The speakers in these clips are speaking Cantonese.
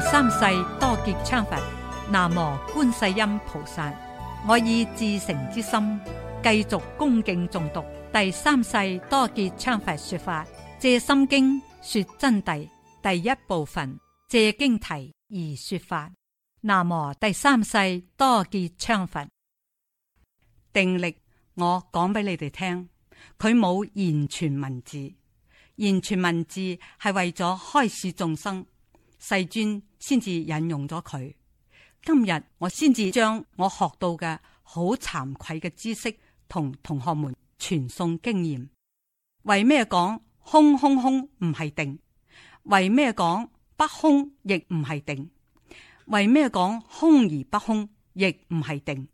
第三世多杰羌佛，南無觀世音菩薩。我以至誠之心，繼續恭敬誦讀第三世多杰羌佛說法《藉心經》說真諦第一部分《藉經題》而說法。南無第三世多杰羌佛。定力，我講俾你哋聽，佢冇言傳文字，言傳文字係為咗開示眾生。世尊先至引用咗佢，今日我先至將我學到嘅好慚愧嘅知識同同學們傳送經驗。為咩講空空空唔係定？為咩講不空亦唔係定？為咩講空而不空亦唔係定？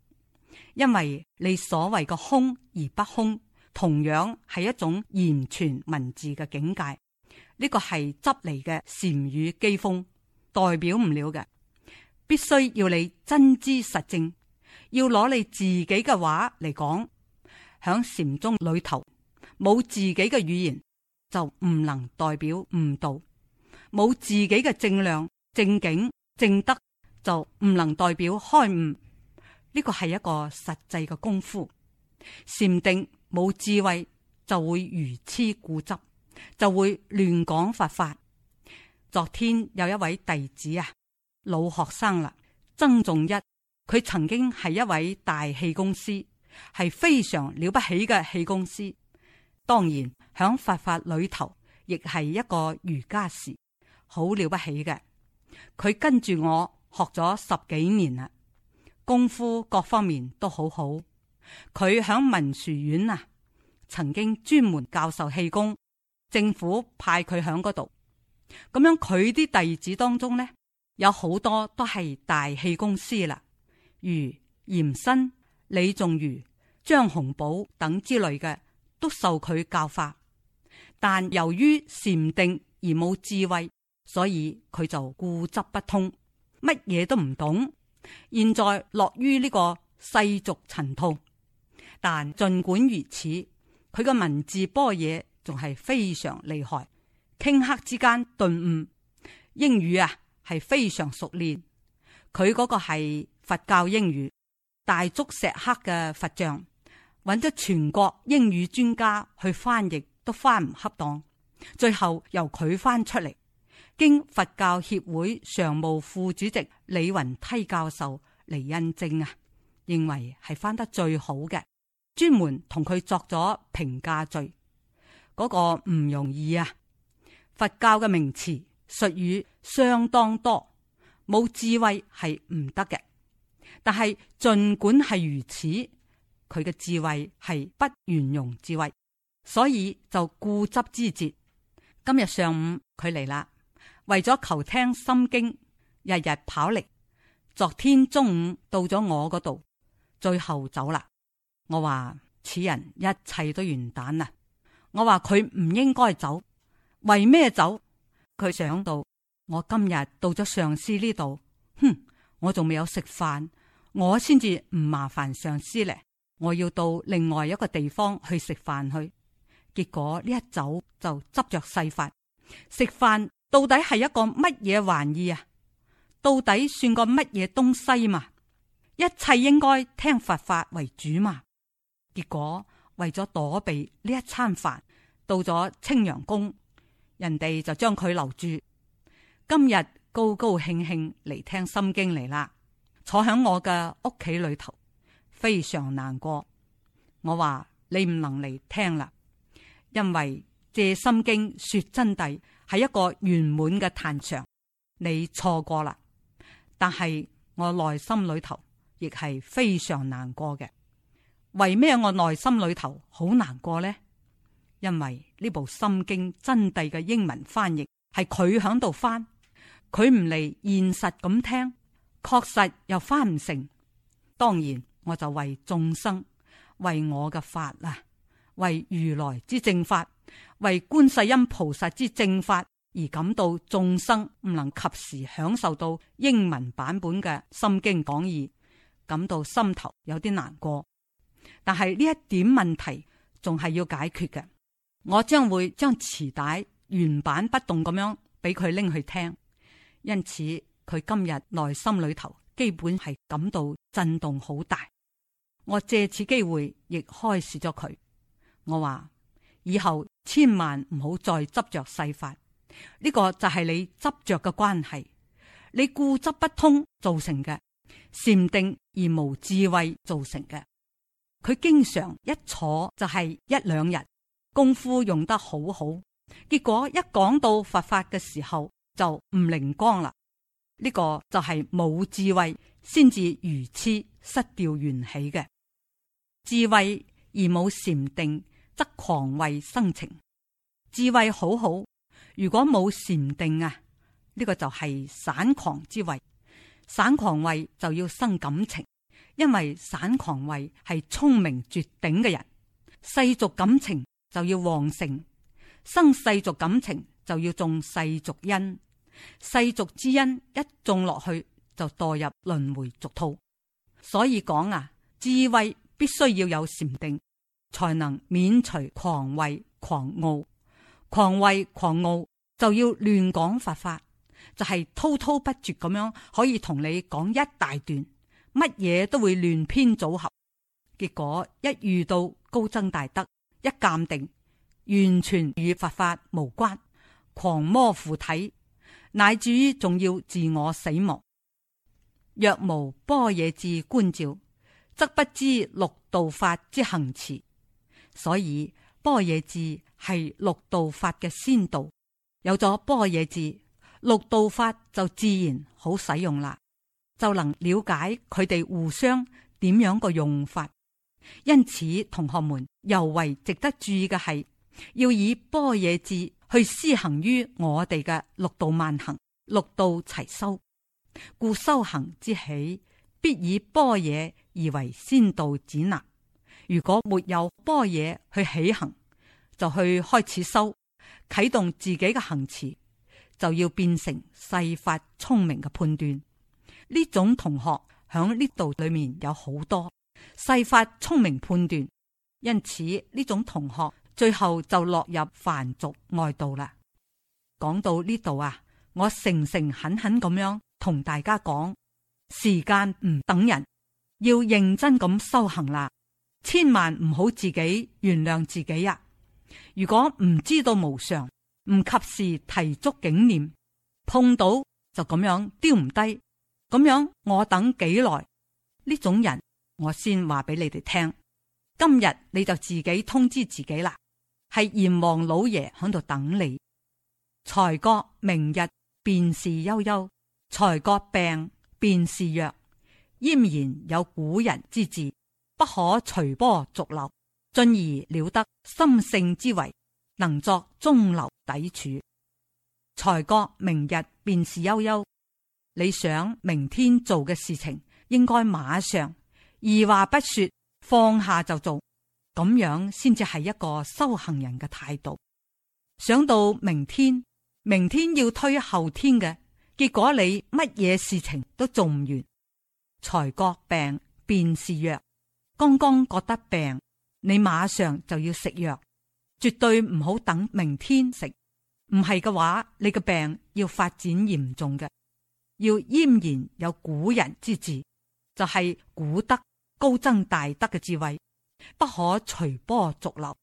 因為你所謂嘅空而不空，同樣係一種言傳文字嘅境界。呢個係執嚟嘅禪語機鋒，代表唔了嘅，必須要你真知實證，要攞你自己嘅話嚟講，響禪宗裏頭，冇自己嘅語言就唔能代表悟道，冇自己嘅正量、正景、正德，就唔能代表開悟。呢、這個係一個實際嘅功夫，禪定冇智慧就會愚痴固執。就會亂講佛法，法。昨天有一位弟子啊，老學生啦，曾仲一，佢曾經係一位大氣功師，係非常了不起嘅氣功師。當然響佛法裏頭，亦係一個瑜伽士，好了不起嘅。佢跟住我學咗十幾年啦，功夫各方面都好好。佢響文殊院啊，曾經專門教授氣功。政府派佢響嗰度，咁樣佢啲弟子當中咧，有好多都係大氣功師啦，如嚴新、李仲瑜、張洪寶等之類嘅，都受佢教化，但由於禪定而冇智慧，所以佢就固執不通，乜嘢都唔懂。現在落於呢個世俗塵套，但盡管如此，佢個文字般若。仲係非常厲害，頃刻之間頓悟英語啊，係非常熟練。佢嗰個係佛教英語，大足石刻嘅佛像，揾咗全國英語專家去翻譯都翻唔恰當，最後由佢翻出嚟，經佛教協會常務副主席李云梯教授嚟印證啊認為係翻得最好嘅，專門同佢作咗評價序。嗰個唔容易啊！佛教嘅名詞術語相當多，冇智慧係唔得嘅。但係儘管係如此，佢嘅智慧係不圓融智慧，所以就固執之節。今日上午佢嚟啦，為咗求聽心經，日日跑嚟。昨天中午到咗我嗰度，最後走啦。我話此人一切都完蛋啦。我話佢唔應該走，為咩走？佢想到我今日到咗上司呢度，哼，我仲未有食飯，我先至唔麻煩上司咧。我要到另外一個地方去食飯去。結果呢一走就執着世法食飯，到底係一個乜嘢玩意啊？到底算個乜嘢東西嘛？一切應該聽佛法為主嘛？結果為咗躲避呢一餐飯。到咗青陽宮，人哋就將佢留住。今日高高興興嚟聽心經嚟啦，坐喺我嘅屋企裏頭，非常難過。我話你唔能嚟聽啦，因為借心經說真諦係一個圓滿嘅壇場，你錯過啦。但係我內心裏頭亦係非常難過嘅。為咩我內心裏頭好難過呢？因為呢部《心經》真諦嘅英文翻譯係佢喺度翻，佢唔嚟現實咁聽，確實又翻唔成。當然，我就為眾生，為我嘅法啦，為如來之正法，為觀世音菩薩之正法而感到眾生唔能及時享受到英文版本嘅《心經》講義，感到心頭有啲難過。但係呢一點問題仲係要解決嘅。我將會將磁帶原版不動咁樣俾佢拎去聽，因此佢今日內心裏頭基本係感到震動好大。我借此機會亦開示咗佢，我話以後千萬唔好再執着細法，呢個就係你執着嘅關係，你固執不通造成嘅，禪定而無智慧造成嘅。佢經常一坐就係一兩日。功夫用得好好，結果一講到佛法嘅時候就唔靈光啦。呢個就係冇智慧先至愚痴失掉緣起嘅智慧，智慧而冇禪定則狂慧生情。智慧好好，如果冇禪定啊，呢個就係散狂之慧。散狂慧就要生感情，因為散狂慧係聰明絕頂嘅人，世俗感情。就要旺盛生世俗感情，就要種世俗因，世俗之因一種落去，就墮入輪回俗套。所以講啊，智慧必須要有禪定，才能免除狂慧狂傲。狂慧狂傲就要亂講法法，就係、是、滔滔不絕咁樣可以同你講一大段，乜嘢都會亂編組合。結果一遇到高僧大德。一鑑定，完全與佛法無關，狂魔附體，乃至於仲要自我死亡。若無般若智觀照，則不知六道法之行持。所以般若智係六道法嘅先導，有咗般若智，六道法就自然好使用啦，就能了解佢哋互相點樣個用法。因此，同學們尤為值得注意嘅係，要以般若智去施行於我哋嘅六道萬行、六道齊修。故修行之起，必以般若而為先道指南。如果沒有般若去起行，就去開始修，啟動自己嘅行持，就要變成世法聰明嘅判斷。呢種同學響呢度裏面有好多。世法聰明判斷，因此呢種同學最後就落入凡俗外道啦。講到呢度啊，我誠誠懇懇咁樣同大家講，時間唔等人，要認真咁修行啦，千萬唔好自己原諒自己啊。如果唔知道無常，唔及時提足警念，碰到就咁樣丟唔低，咁樣我等幾耐呢種人。我先話俾你哋聽，今日你就自己通知自己啦，係閻王老爺喺度等你。才覺明日便是悠悠，才覺病便是藥。儼然有古人之志，不可隨波逐流，進而了得心性之為，能作中流砥柱。才覺明日便是悠悠，你想明天做嘅事情，應該馬上。二話不說，放下就做，咁樣先至係一個修行人嘅態度。想到明天，明天要推後天嘅結果，你乜嘢事情都做唔完。才覺病便是藥，剛剛覺得病，你馬上就要食藥，絕對唔好等明天食。唔係嘅話，你嘅病要發展嚴重嘅，要咽然有古人之志，就係、是、古德。高僧大德嘅智慧，不可隨波逐流，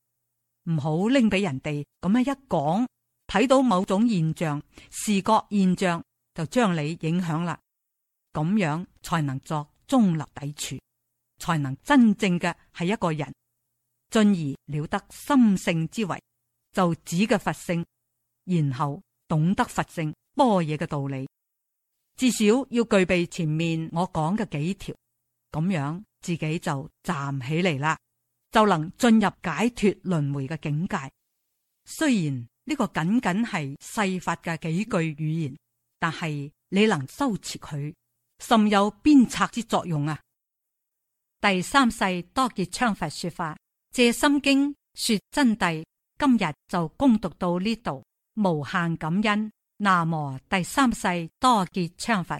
唔好拎俾人哋咁樣一講，睇到某種現象，視覺現象就將你影響啦。咁樣才能作中立砥柱，才能真正嘅係一個人，進而了得心性之為，就指嘅佛性，然後懂得佛性般若嘅道理，至少要具備前面我講嘅幾條，咁樣。自己就站起嚟啦，就能進入解脫輪迴嘅境界。雖然呢、這個僅僅係世法嘅幾句語言，但係你能修持佢，甚有鞭策之作用啊！第三世多杰羌佛說法，借心經說真諦。今日就攻讀到呢度，無限感恩。那麼第三世多杰羌佛。